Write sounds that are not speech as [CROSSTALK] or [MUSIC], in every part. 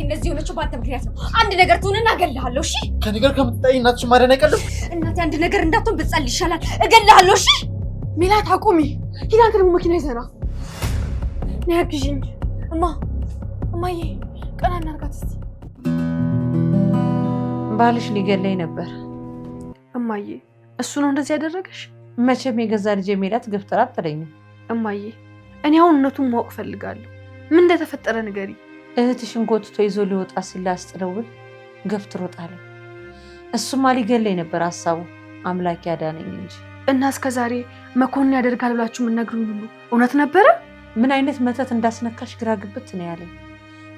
እናቴ እንደዚህ የሆነችው በአንተ ምክንያት ነው። አንድ ነገር ትሆንና እገልሃለሁ። እሺ ከነገር ከምትጠይ ከምትጣይ እናትሽ ማደን አይቀልም። እናቴ አንድ ነገር እንዳትሆን ብትጸልይ ይሻላል። እገልሃለሁ። እሺ ሜላት አቁሚ። ሂድ አንተ ደግሞ መኪና ይዘና ነይ አግዢኝ። እማ እማዬ፣ ቀና እናርጋት እስቲ። ባልሽ ሊገለኝ ነበር እማዬ። እሱ ነው እንደዚህ ያደረገሽ? መቼም የገዛ ልጅ የሚላት ገፍተራ አትለኝም እማዬ። እኔ አሁን እውነቱን ማወቅ ፈልጋለሁ። ምን እንደተፈጠረ ንገሪ። እህትሽን ጎትቶ ይዞ ሊወጣ ሲላስጥለውል አስጥለውል ገፍትሮ ጣለ። እሱማ ሊገለኝ ነበር ሀሳቡ፣ አምላክ ያዳነኝ እንጂ። እና እስከ ዛሬ መኮንን ያደርጋል ብላችሁ የምነግሩኝ ሁሉ እውነት ነበረ? ምን አይነት መተት እንዳስነካሽ ግራ ግብት ነው ያለኝ።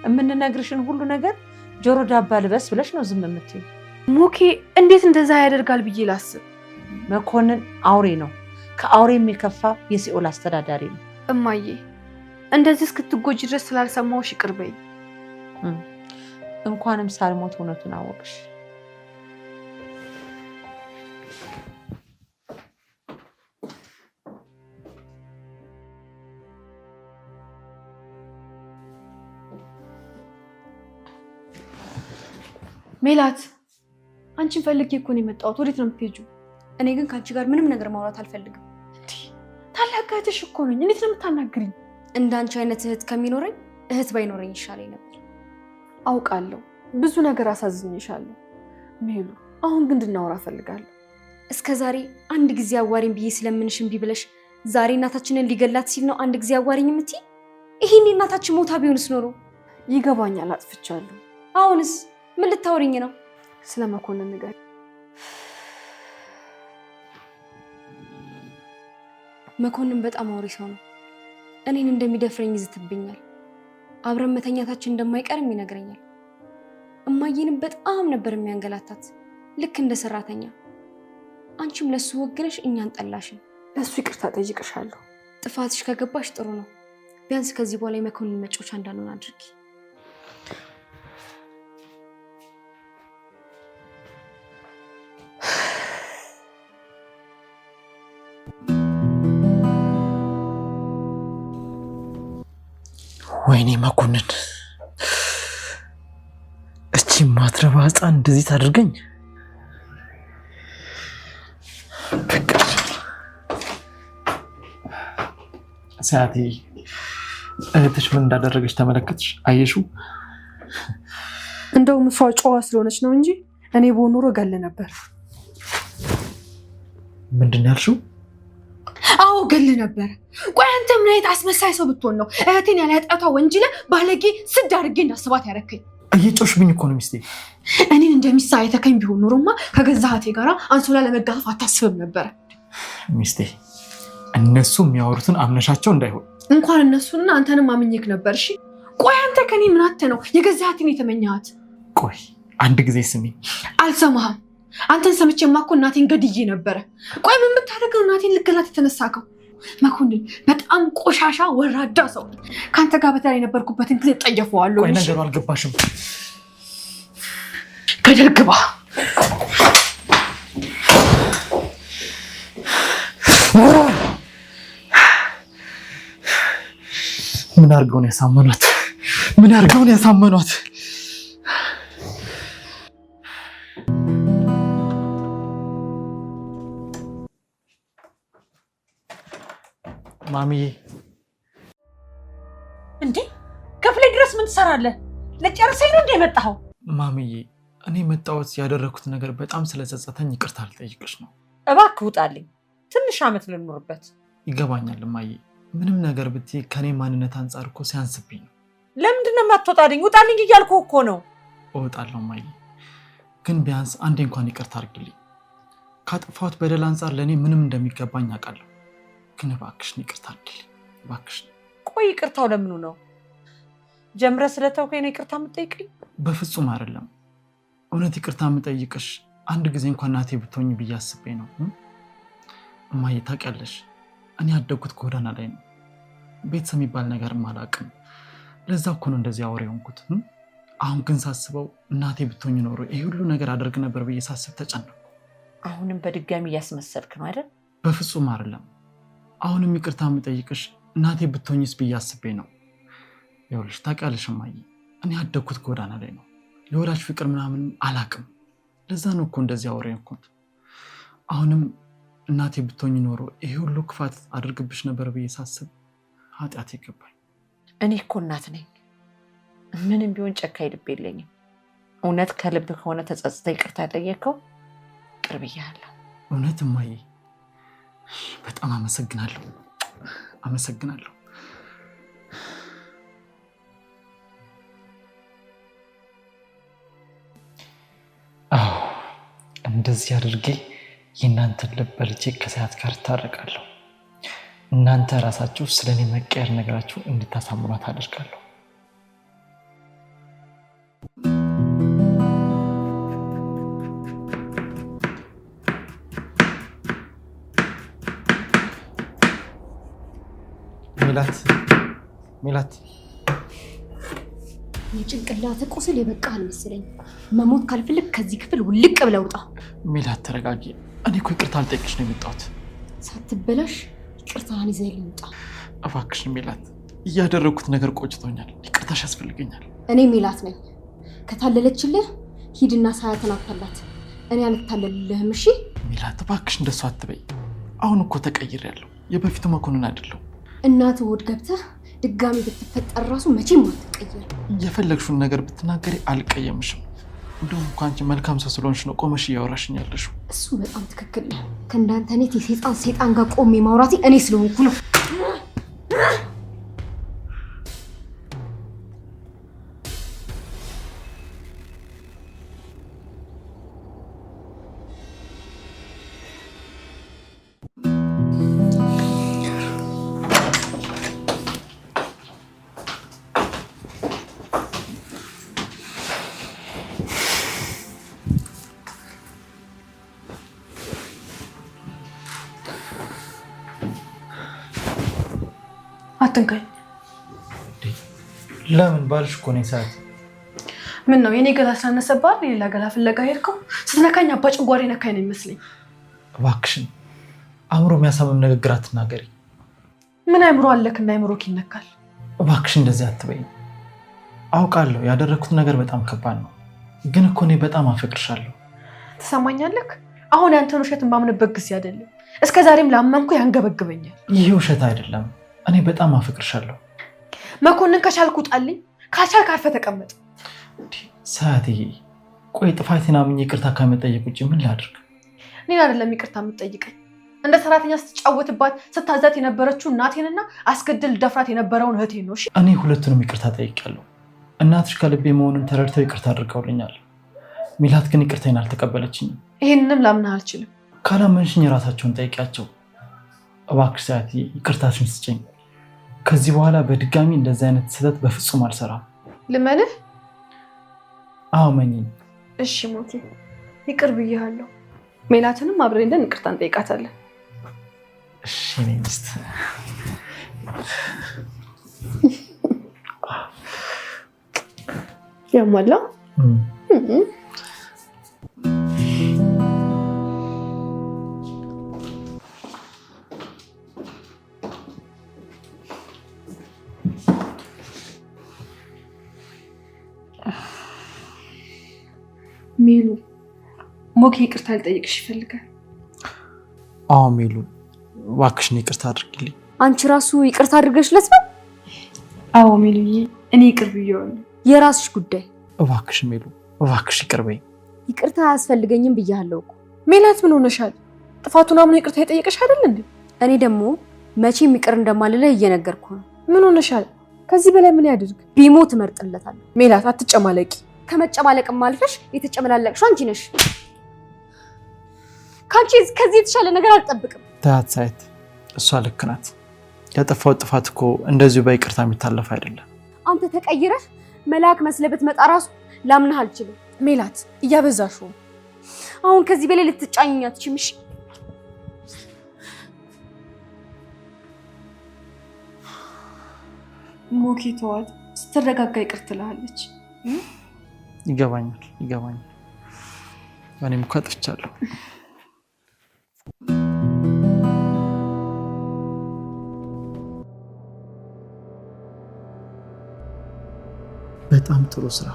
የምንነግርሽን ሁሉ ነገር ጆሮ ዳባ ልበስ ብለሽ ነው ዝም የምትይው። ሙኬ እንዴት እንደዛ ያደርጋል ብዬ ላስብ። መኮንን አውሬ ነው፣ ከአውሬ የሚከፋ የሲኦል አስተዳዳሪ ነው። እማዬ እንደዚህ እስክትጎጂ ድረስ ስላልሰማሁሽ ይቅር በይኝ። እንኳንም ሳልሞት እውነቱን አወቅሽ። ሜላት አንቺን ፈልጌ እኮ ነው የመጣሁት። ወዴት ነው የምትሄጂው? እኔ ግን ከአንቺ ጋር ምንም ነገር ማውራት አልፈልግም። ታላቅ እህትሽ እኮ ነኝ። እንዴት ነው የምታናግሪኝ? እንደ አንቺ አይነት እህት ከሚኖረኝ እህት ባይኖረኝ ይሻለኝ ነበር። አውቃለሁ ብዙ ነገር አሳዝኝሻለሁ ሜሉ። አሁን ግን እንድናወራ እፈልጋለሁ። እስከ ዛሬ አንድ ጊዜ አዋሪኝ ብዬ ስለምንሽ እምቢ ብለሽ ዛሬ እናታችንን ሊገላት ሲል ነው አንድ ጊዜ አዋሪኝ የምትይ? ይህን እናታችን ሞታ ቢሆንስ ኖሮ ይገባኛል። አጥፍቻለሁ። አሁንስ ምን ልታወሪኝ ነው? ስለ መኮንን ንገር። መኮንን በጣም አውሪ ሰው ነው። እኔን እንደሚደፍረኝ ይዝትብኛል። አብረን መተኛታችን እንደማይቀርም ይነግረኛል። እማዬንም በጣም ነበር የሚያንገላታት ልክ እንደ ሰራተኛ። አንቺም ለሱ ወግነሽ እኛን ጠላሽን። ለሱ ይቅርታ ጠይቅሻለሁ። ጥፋትሽ ከገባሽ ጥሩ ነው። ቢያንስ ከዚህ በኋላ የመኮንን መጫዎች እንዳንሆን አድርጊ። ወይኔ መኮንን፣ እቺ ማትረባ ህፃን እንደዚህ ታደርገኝ? ሰዓቴ እህትሽ ምን እንዳደረገች ተመለከትሽ? አየሽው? እንደውም እሷ ጨዋ ስለሆነች ነው እንጂ እኔ በሆን ኖሮ ነበር። ምንድን ያልሽው? ገል ነበረ። ቆይ አንተ ምን አይነት አስመሳይ ሰው ብትሆን ነው እህቴን ያለ ኃጢአቷ ወንጅለ ባለጌ ስድ አድርጌ እንዳስባት ያረከኝ? እየጮሽብኝ እኮ ነው ሚስቴ። እኔን እንደሚሳ አይተከኝ ቢሆን ኖሮማ ከገዛ እህቴ ጋር አንሶላ ለመጋፈፍ አታስብም ነበረ። ሚስቴ እነሱ የሚያወሩትን አምነሻቸው እንዳይሆን እንኳን እነሱንና አንተንም አምኜክ ነበር። እሺ ቆይ አንተ ከኔ ምናተ ነው የገዛ እህቴን የተመኘሃት? ቆይ አንድ ጊዜ ስሚ። አልሰማህም አንተን ሰምቼማ እኮ እናቴን ገድዬ ነበረ። ቆይ ምን ብታደርገው እናቴን ልገላት የተነሳከው? መኮንን በጣም ቆሻሻ ወራዳ ሰው። ከአንተ ጋር በተለይ የነበርኩበትን ጊዜ ጠየፈዋለሁ። ቆይ ነገሩ አልገባሽም። ገደል ግባ። ምን አድርገውን ያሳመኗት? ምን አድርገውን ያሳመኗት? ማሚዬ እንዴ ክፍሌ ድረስ ምን ትሰራለህ? ለጨርሰኝ ነው እንደ የመጣኸው? ማሚዬ እኔ መጣወት ያደረግኩት ነገር በጣም ስለጸጸተኝ ይቅርታ ልጠይቅሽ ነው። እባክህ ውጣልኝ፣ ትንሽ ዓመት ልኖርበት። ይገባኛል እማዬ፣ ምንም ነገር ብትይ ከኔ ማንነት አንጻር እኮ ሲያንስብኝ ነው። ለምንድን የማትወጣልኝ? ውጣልኝ እያልኩ እኮ ነው። እወጣለሁ እማዬ፣ ግን ቢያንስ አንዴ እንኳን ይቅርታ አድርግልኝ። ካጠፋሁት በደል አንጻር ለእኔ ምንም እንደሚገባኝ አውቃለሁ። ግን እባክሽን ይቅርታ አድል እባክሽን። ቆይ ይቅርታው ለምኑ ነው? ጀምረ ስለተውከኝ ነው ይቅርታ የምጠይቅኝ? በፍጹም አይደለም። እውነት ይቅርታ የምጠይቅሽ አንድ ጊዜ እንኳን እናቴ ብትሆኝ ብዬ አስቤ ነው። እማዬ ታውቂያለሽ፣ እኔ ያደግኩት ጎዳና ላይ ነው። ቤተሰብ የሚባል ነገርም አላውቅም። ለዛ እኮ ነው እንደዚህ አውሬ የሆንኩት። አሁን ግን ሳስበው እናቴ ብትሆኝ ኖሮ ይህ ሁሉ ነገር አደርግ ነበር ብዬ ሳስብ ተጨነኩ። አሁንም በድጋሚ እያስመሰልክ ነው አይደል? በፍጹም አይደለም። አሁንም ይቅርታ የምጠይቅሽ እናቴ ብትሆኝስ ብዬ አስቤ ነው። ይኸውልሽ ታውቂያለሽ እማዬ፣ እኔ ያደግኩት ጎዳና ላይ ነው። የወላጅ ፍቅር ምናምን አላቅም። ለዛ ነው እኮ እንደዚህ አወሬ እንኩት። አሁንም እናቴ ብትሆኝ ኖሮ ይሄ ሁሉ ክፋት አድርግብሽ ነበር ብዬ ሳስብ ኃጢአት ይገባል። እኔ እኮ እናት ነኝ። ምንም ቢሆን ጨካኝ ልብ የለኝም። እውነት ከልብ ከሆነ ተጸጽተ ይቅርታ ጠየቅከው ቅርብ እያለሁ እውነት እማዬ በጣም አመሰግናለሁ አመሰግናለሁ። አዎ እንደዚህ አድርጌ የእናንተን ልብ በልቼ ጋር እታረቃለሁ። እናንተ ራሳችሁ እኔ መቀየር ነገራችሁ እንድታሳምኗት አደርጋለሁ። ሜላት ሜላት፣ የጭንቅላት ቁስል የበቃ አልመስለኝ። መሞት ካልፈለግ ከዚህ ክፍል ውልቅ ብለህ ውጣ። ሜላት ተረጋጊ። እኔ እኮ ይቅርታ ልጠይቅሽ ነው የመጣሁት። ሳትበላሽ ይቅርታህን ይዘህልኝ ውጣ እባክሽን። ሜላት፣ እያደረግኩት ነገር ቆጭቶኛል። ይቅርታሽ ያስፈልገኛል። እኔ ሜላት ነኝ። ከታለለችልህ ሂድና ሳያትን አታላት። እኔ አልታለልልህም። እሺ ሜላት፣ እባክሽ እንደሱ አትበይ። አሁን እኮ ተቀይሬያለሁ። የበፊቱ መኮንን አይደለሁ። እናት ወድ ገብተህ ድጋሚ ብትፈጠር ራሱ መቼም አትቀየር። የፈለግሽውን ነገር ብትናገሪ አልቀየምሽም። እንዲሁም እኮ አንቺ መልካም ሰው ስለሆንሽ ነው ቆመሽ እያወራሽኝ ያለሽው። እሱ በጣም ትክክል ነው። ከእንዳንተ አይነት የሴጣን ሴጣን ጋር ቆሜ ማውራቴ እኔ ስለሆንኩ ነው። ለምን ባልሽ እኮ ነኝ ሰዓት ምን ነው የኔ ገላ ስላነሰባል የሌላ ገላ ፍለጋ ሄድከው? ስትነካኝ አባ ጭጓሪ ነካኝ ነው ይመስለኝ። እባክሽን አእምሮ የሚያሳምም ንግግር አትናገሪ። ምን አእምሮ እና አይምሮ ይነካል? እባክሽን እንደዚህ አትበይ። አውቃለሁ ያደረግኩት ነገር በጣም ከባድ ነው፣ ግን እኮ እኔ በጣም አፈቅርሻለሁ። ትሰማኛለክ? አሁን ያንተን ውሸት የማምንበት ጊዜ አይደለም። እስከ ዛሬም ላመንኩ ያንገበግበኛል። ይህ ውሸት አይደለም። እኔ በጣም አፈቅርሻለሁ። መኮንን ከቻልኩ ጣልኝ፣ ካልቻልክ አርፈህ ተቀመጥ። ሰዓትዬ ቆይ ጥፋቴን አምኜ ይቅርታ ከመጠየቅ ውጭ ምን ላድርግ? እኔን አይደለም ይቅርታ የምትጠይቀኝ እንደ ሰራተኛ ስትጫወትባት ስታዛት የነበረችው እናቴንና አስገድል ደፍራት የነበረውን እህቴን ነው። እኔ ሁለቱንም ይቅርታ ጠይቄያለሁ። እናትሽ ከልቤ መሆኑን ተረድተው ይቅርታ አድርገውልኛል። ሚላት ግን ይቅርታዬን አልተቀበለችኝም። ይህንንም ላምንህ አልችልም። ካላመንሽኝ የራሳቸውን ጠይቂያቸው እባክሽ። ሰዓት ይቅርታሽን ስጭኝ። ከዚህ በኋላ በድጋሚ እንደዚህ አይነት ስህተት በፍጹም አልሰራም። ልመንህ? አዎ እሺ ሞቴ፣ ይቅር ብያለሁ። ሜላትንም አብረን እንደን ይቅርታ እንጠይቃታለን። እሺ ሚስት ያሟላ ሜሉ ሞኬ ይቅርታ ሊጠይቅሽ ይፈልጋል። አዎ ሜሉ እባክሽን ይቅርታ አድርጊልኝ። አንቺ ራሱ ይቅርታ አድርገሽለት ነው? አዎ ሜሉዬ እኔ ይቅር ብዬዋለሁ። የራስሽ ጉዳይ። እባክሽ ሜሉ እባክሽ ይቅር በይኝ። ይቅርታ አያስፈልገኝም ብያለሁ እኮ። ሜላት ምን ሆነሻል? ጥፋቱን አምኖ ይቅርታ የጠየቀሽ አይደል እንዴ? እኔ ደግሞ መቼም ይቅር እንደማልልህ እየነገርኩ ነው። ምን ሆነሻል? ከዚህ በላይ ምን ያድርግ? ቢሞት እመርጥለታለሁ። ሜላት አትጨማለቂ። ከመጨማለቅም አልፈሽ የተጨመላለቅሽው አንቺ ነሽ። ከአንቺ ከዚህ የተሻለ ነገር አልጠብቅም። ታያት ሳይት፣ እሷ ልክ ናት። ያጠፋው ጥፋት እኮ እንደዚሁ በይቅርታ የሚታለፍ አይደለም። አንተ ተቀይረህ መልአክ መስለህ ብትመጣ ራሱ ላምንህ አልችልም። ሜላት እያበዛሽው አሁን ከዚህ በላይ ልትጫኝ አትችይም። እሺ ሞኬ ስትረጋጋ ይቅር ትልሃለች። ይገባኛል ይገባኛል። እኔም እኮ በጣም ጥሩ ስራ።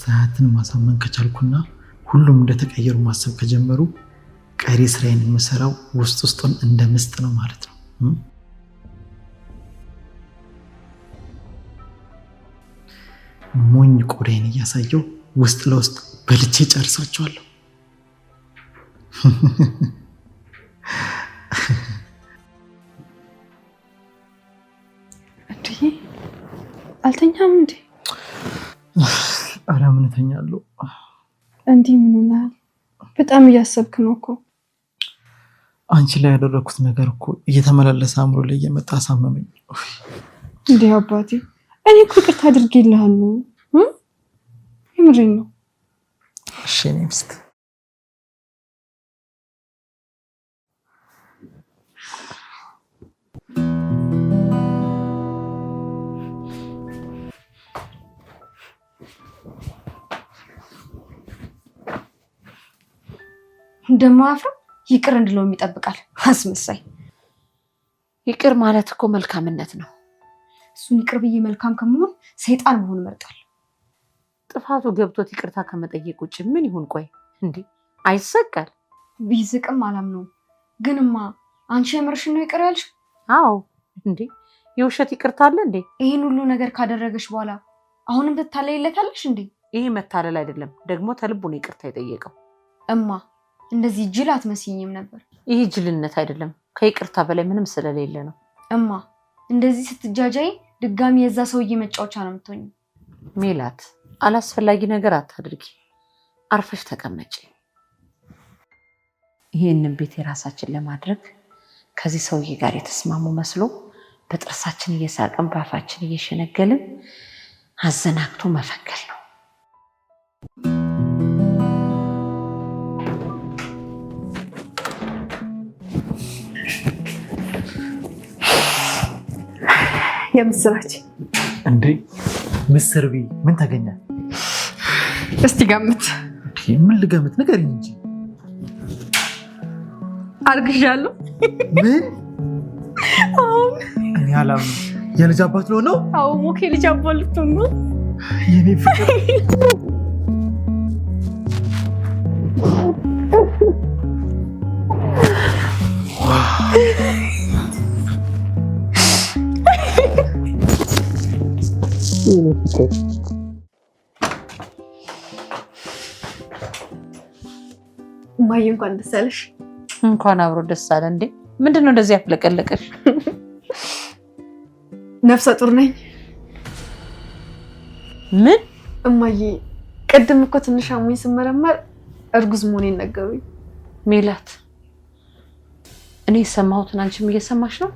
ሰዓትን ማሳመን ከቻልኩና ሁሉም እንደተቀየሩ ማሰብ ከጀመሩ ቀሪ ስራዬን የምሰራው ውስጥ ውስጡን እንደ ምስጥ ነው ማለት ነው። ሞኝ ቆዳይን እያሳየው ውስጥ ለውስጥ በልቼ ጨርሳቸዋለሁ። እንዲህ አልተኛም እንዴ? ኧረ ምን እተኛለሁ። እንዲህ ምን ይላል? በጣም እያሰብክ ነው እኮ። አንቺ ላይ ያደረግኩት ነገር እኮ እየተመላለሰ አእምሮ ላይ እየመጣ አሳመመኝ። እንዲህ አባቴ፣ እኔ እኮ ይቅርታ አድርጌልሃለሁ የምሬን ነው። እሺ እኔ ሚስት እንደማያፍረው ይቅር እንድለውም ይጠብቃል። አስመሳይ ይቅር ማለት እኮ መልካምነት ነው። እሱን ይቅር ብዬ መልካም ከመሆን ሰይጣን መሆን እመርጣለሁ። ጥፋቱ ገብቶት ይቅርታ ከመጠየቅ ውጭ ምን ይሁን? ቆይ እንዴ አይሰቀል ቢዝቅም ነው ግንማ አንቺ የምርሽን ነው ይቅር ያልሽ? አዎ እንዴ የውሸት ይቅርታ አለ እንዴ? ይህን ሁሉ ነገር ካደረገች በኋላ አሁንም ትታለይለታለሽ እንዴ? ይሄ መታለል አይደለም፣ ደግሞ ተልቡ ነው ይቅርታ የጠየቀው። እማ እንደዚህ ጅል አትመስኝም ነበር። ይህ ጅልነት አይደለም፣ ከይቅርታ በላይ ምንም ስለሌለ ነው። እማ እንደዚህ ስትጃጃይ ድጋሚ የዛ ሰውዬ መጫወቻ ነው የምትሆኝ ሜላት አላስፈላጊ ነገር አታድርጊ። አርፈሽ ተቀመጪ። ይህንን ቤት የራሳችን ለማድረግ ከዚህ ሰውዬ ጋር የተስማሙ መስሎ በጥርሳችን እየሳቅን በአፋችን እየሸነገልን አዘናግቶ መፈከል ነው። የምስራች እንዴ! ምስር ቢ ምን ተገኘ? እስቲ ገምት። ምን ልገምት? ንገሪኝ እንጂ አርግዣለሁ። ምን? አሁን እኔ አላምንም። የልጅ አባት ልሆን ነው? አዎ ሞኬ ልጅ አባት ልትሆን ነው የኔ ፍቅር [LAUGHS] işte. እማዬ እንኳን ደስ አለሽ። እንኳን አብሮ ደስ አለ። እንዴ ምንድን ነው እንደዚህ ያፍለቀለቀሽ? ነፍሰ ጡር ነኝ። ምን እማዬ፣ ቅድም እኮ ትንሽ አሞኝ ስመረመር እርጉዝ መሆኔን ነገሩኝ። ሜላት፣ እኔ የሰማሁትን አንቺም እየሰማሽ ነው?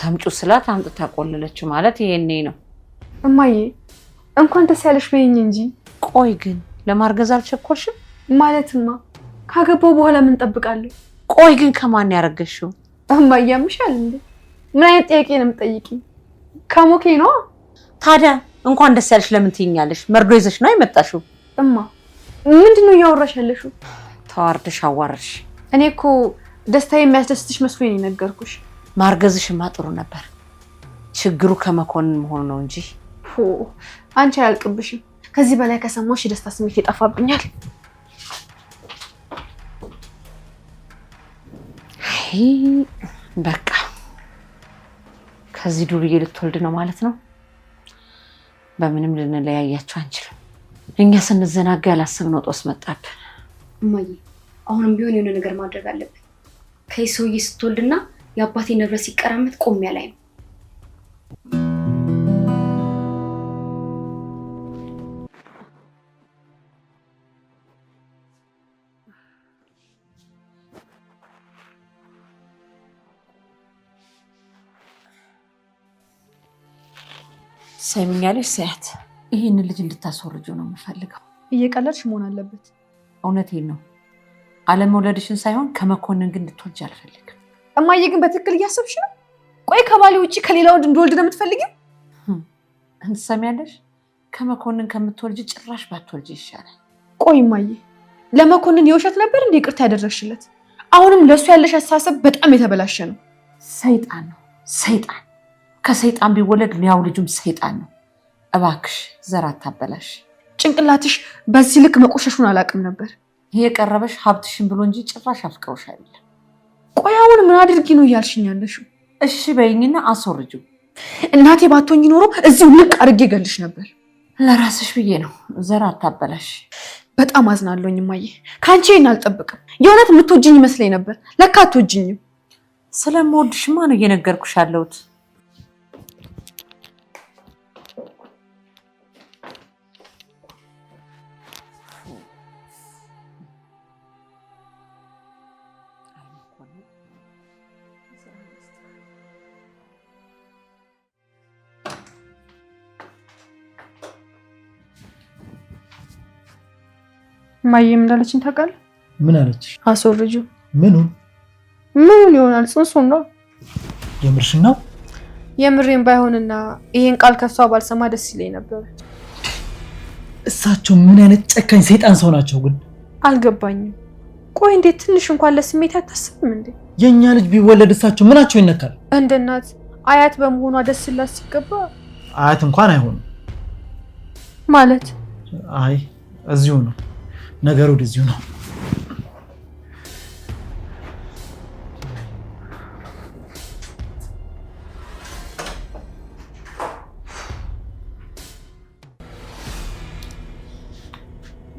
ተምጩ ስላት አምጥታ ቆለለችው ማለት ይሄኔ ነው። እማዬ እንኳን ደስ ያለሽ በይኝ እንጂ። ቆይ ግን ለማርገዝ አልቸኮልሽም? ማለትማ ካገባው በኋላ ምን ጠብቃለሁ? ቆይ ግን ከማን ያረገሽው? እማዬ ያምሻል እንዴ? ምን አይነት ጥያቄ ነው የምጠይቂኝ? ከሞኬ ነው ታዲያ እንኳን ደስ ያለሽ ለምን ትይኛለሽ? መርዶ ይዘሽ ነው የመጣሽው? እማ ምንድን ነው እያወራሽ ያለሽው? ተዋርደሽ አዋረሽ እኔ እኮ ደስታ የሚያስደስትሽ መስሎኝ ነገርኩሽ። ማርገዝሽማ ጥሩ ነበር። ችግሩ ከመኮንን መሆኑ ነው እንጂ አንቺ አያልቅብሽም። ከዚህ በላይ ከሰማሽ የደስታ ስሜት ይጠፋብኛል። በቃ ከዚህ ዱርዬ ልትወልድ ነው ማለት ነው። በምንም ልንለያያቸው አንችልም። እኛ ስንዘናጋ ያላሰብነው ጦስ መጣብን። እማዬ፣ አሁንም ቢሆን የሆነ ነገር ማድረግ አለብን። ከይህ ሰውዬ ስትወልድና የአባቴ ንብረት ሲቀራመት ቆሜ ላይ ነው። ሰሚኛለሽ ሰያት፣ ይህንን ልጅ እንድታስወርጁ ነው የምፈልገው። እየቀለድሽ መሆን አለበት። እውነቴን ነው። አለመውለድሽን ሳይሆን ከመኮንን ግን እንድትወልጂ አልፈልግም። እማዬ ግን በትክክል እያሰብሽ ነው? ቆይ ከባሌ ውጭ ከሌላ ወንድ እንድወልድ ነው የምትፈልጊው? እንትሰሚያለሽ፣ ከመኮንን ከምትወልጅ ጭራሽ ባትወልጅ ይሻላል። ቆይ እማዬ፣ ለመኮንን የውሸት ነበር እንደ ይቅርታ ያደረግሽለት? አሁንም ለእሱ ያለሽ አስተሳሰብ በጣም የተበላሸ ነው። ሰይጣን ነው ሰይጣን። ከሰይጣን ቢወለድ ያው ልጁም ሰይጣን ነው። እባክሽ ዘር አታበላሽ። ጭንቅላትሽ በዚህ ልክ መቆሸሹን አላውቅም ነበር። ይህ የቀረበሽ ሀብትሽን ብሎ እንጂ ጭራሽ አፍቅሮሽ አይደለም። ቆይ አሁን ምን አድርጊ ነው እያልሽኝ ያለሽው? እሺ በይኝና አስወርጂው። እናቴ ባትሆኝ ኖሮ እዚሁ ልቅ አድርጌ ገልሽ ነበር። ለራስሽ ብዬ ነው፣ ዘር አታበላሽ። በጣም አዝናለሁኝ እማዬ፣ ከአንቺ ይህን አልጠብቅም። የእውነት የምትወጂኝ ይመስለኝ ነበር፣ ለካ አትወጂኝም። ስለምወድሽማ ነው እየነገርኩሽ ያለሁት። ማየ ምን አለችኝ ምን አለች? አስወርጁ። ምኑን ምኑን ይሆናል? ጽንሱን ነው። የምርሽን ነው? የምሬን ባይሆንና ይሄን ቃል ከሷ ባልሰማ ደስ ይለኝ ነበር። እሳቸው ምን አይነት ጨካኝ ሰይጣን ሰው ናቸው ግን አልገባኝም። ቆይ እንዴት ትንሽ እንኳን ለስሜት አታስብም እንዴ? የእኛ ልጅ ቢወለድ እሳቸው ምናቸው ይነካል? እንደ እናት አያት በመሆኗ ደስ ላት ሲገባ አያት እንኳን አይሆንም ማለት አይ እዚሁ ነው ነገር ወደዚሁ ነው።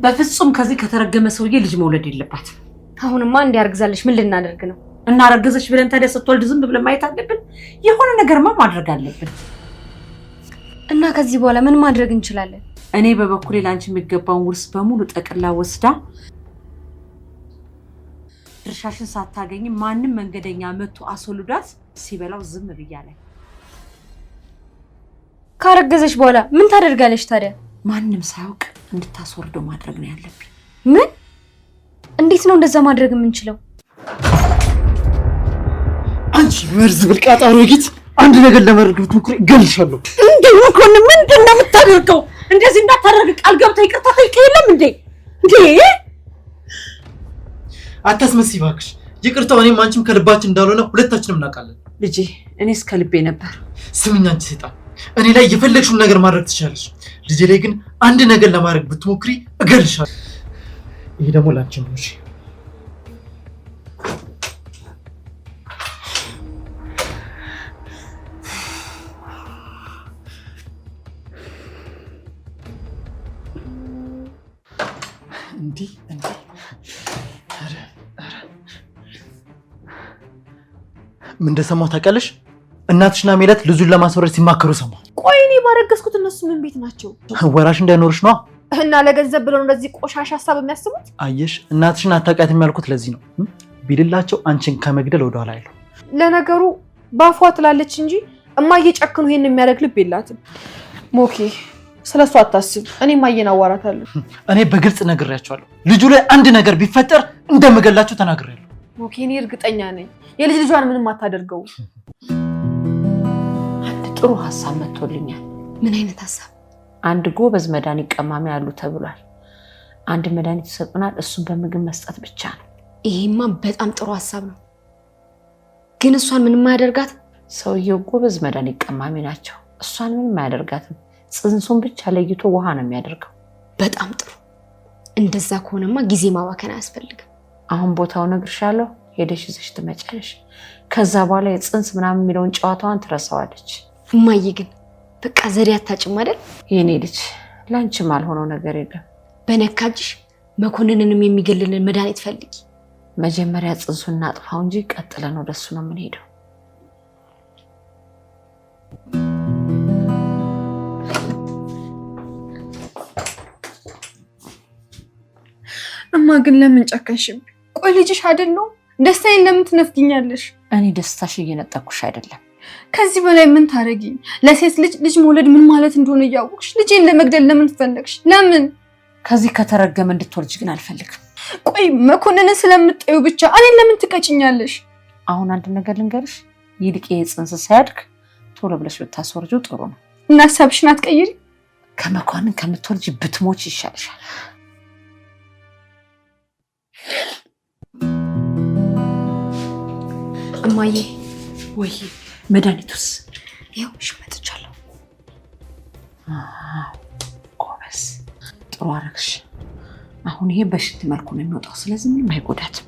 በፍጹም ከዚህ ከተረገመ ሰውዬ ልጅ መውለድ የለባት። አሁንማ እንዲያርግዛለች ምን ልናደርግ ነው? እናረገዘች ብለን ታዲያ ስትወልድ ዝም ብለን ማየት አለብን? የሆነ ነገርማ ማድረግ አለብን። እና ከዚህ በኋላ ምን ማድረግ እንችላለን? እኔ በበኩሌ ላንቺ የሚገባውን ውርስ በሙሉ ጠቅላ ወስዳ ድርሻሽን ሳታገኝ ማንም መንገደኛ መቶ አስወልዷት ሲበላው ዝም ብያለ። ካረገዘች በኋላ ምን ታደርጋለች ታዲያ? ማንም ሳያውቅ እንድታስወርደው ማድረግ ነው ያለብኝ። ምን? እንዴት ነው እንደዛ ማድረግ የምንችለው? አንቺ መርዝ ብልቃጥ አሮጊት! አንድ ነገር ለማድረግ ብትሞክሪ እገልሻለሁ። እንዲሁ ምንድን ነው የምታደርገው? እንደዚህ እንዳታደርግ ቃል ገብተህ ይቅርታ ጠይቀህ የለም እንዴ? እንዴ አታስመስይ እባክሽ። ይቅርታው እኔም አንቺም ከልባችን እንዳልሆነ ሁለታችንም እናውቃለን። ልጄ እኔስ ከልቤ ነበር። ስምኝ አንቺ ሴጣን፣ እኔ ላይ የፈለግሽውን ነገር ማድረግ ትችላለሽ። ልጄ ላይ ግን አንድ ነገር ለማድረግ ብትሞክሪ እገልሻለሁ። ይሄ ደግሞ ላንቺ ነው። እንዲህ እንዲህ ምን እንደሰማሁ ታውቂያለሽ? እናትሽና ሜላት ልጁን ለማስወረድ ሲማከሩ ሰማሁ። ቆይ እኔ ባረገዝኩት እነሱ ምን ቤት ናቸው? ወራሽ እንዳይኖርሽ ነዋ። እና ለገንዘብ ብለው እንደዚህ ቆሻሻ ሀሳብ የሚያስቡት። አየሽ፣ እናትሽን አታውቂያትም የሚያልኩት ለዚህ ነው። ቢልላቸው አንቺን ከመግደል ወደኋላ አይሉ። ለነገሩ በአፏ ትላለች እንጂ እማዬ ጨክኑ ይሄን የሚያደርግ ልብ የላትም። ሞኬ ስለሱ አታስብ። እኔ ማየን አዋራታለሁ። እኔ በግልጽ ነግሬያቸዋለሁ። ልጁ ላይ አንድ ነገር ቢፈጠር እንደምገላችሁ ተናግሬያለሁ። ኦኬ፣ እኔ እርግጠኛ ነኝ የልጅ ልጇን ምንም አታደርገው። አንድ ጥሩ ሀሳብ መጥቶልኛል። ምን አይነት ሀሳብ? አንድ ጎበዝ መድኃኒት ቀማሚ አሉ ተብሏል። አንድ መድኃኒት ይሰጡናል። እሱን በምግብ መስጠት ብቻ ነው። ይሄማ በጣም ጥሩ ሀሳብ ነው። ግን እሷን ምንም አያደርጋት። ሰውየው ጎበዝ መድኃኒት ቀማሚ ናቸው። እሷን ምንም አያደርጋትም። ጽንሱን ብቻ ለይቶ ውሃ ነው የሚያደርገው። በጣም ጥሩ። እንደዛ ከሆነማ ጊዜ ማባከን አያስፈልግም። አሁን ቦታው እነግርሻለሁ፣ ሄደሽ ይዘሽ ትመጫለሽ። ከዛ በኋላ የፅንስ ምናምን የሚለውን ጨዋታዋን ትረሳዋለች። እማዬ ግን በቃ ዘዴ አታጭም አይደል? የኔ ልጅ ላንቺም አልሆነው ነገር የለም። በነካጅሽ መኮንንንም የሚገልልን መድኃኒት ፈልጊ። መጀመሪያ ፅንሱን እናጥፋው እንጂ ቀጥለን ወደሱ ነው የምንሄደው። እማ ግን ለምን ጨከንሽብኝ? ቆይ ልጅሽ አይደለሁ? ደስታዬን ለምን ትነፍግኛለሽ? እኔ ደስታሽ እየነጠኩሽ አይደለም። ከዚህ በላይ ምን ታደርጊኝ? ለሴት ልጅ ልጅ መውለድ ምን ማለት እንደሆነ እያወቅሽ ልጄን ለመግደል ለምን ትፈለግሽ? ለምን? ከዚህ ከተረገመ እንድትወልጅ ግን አልፈልግም። ቆይ መኮንንን ስለምትጠዩ ብቻ እኔን ለምን ትቀጭኛለሽ? አሁን አንድ ነገር ልንገርሽ፣ ይልቅ ጽንስ ሳያድግ ቶሎ ብለሽ ብታስወርጂው ጥሩ ነው። እና ሀሳብሽን አትቀይሪ። ከመኳንን ከምትወልጅ ብትሞች ይሻልሻል። እማዬ። ወይ መድኃኒቱስ? ይኸው እሺ፣ መጥቻለሁ። ጎበዝ፣ ጥሩ አረግሽ። አሁን ይሄ በሽት መልኩ ነው የሚወጣው፣ ስለዚህ ምንም አይጎዳትም።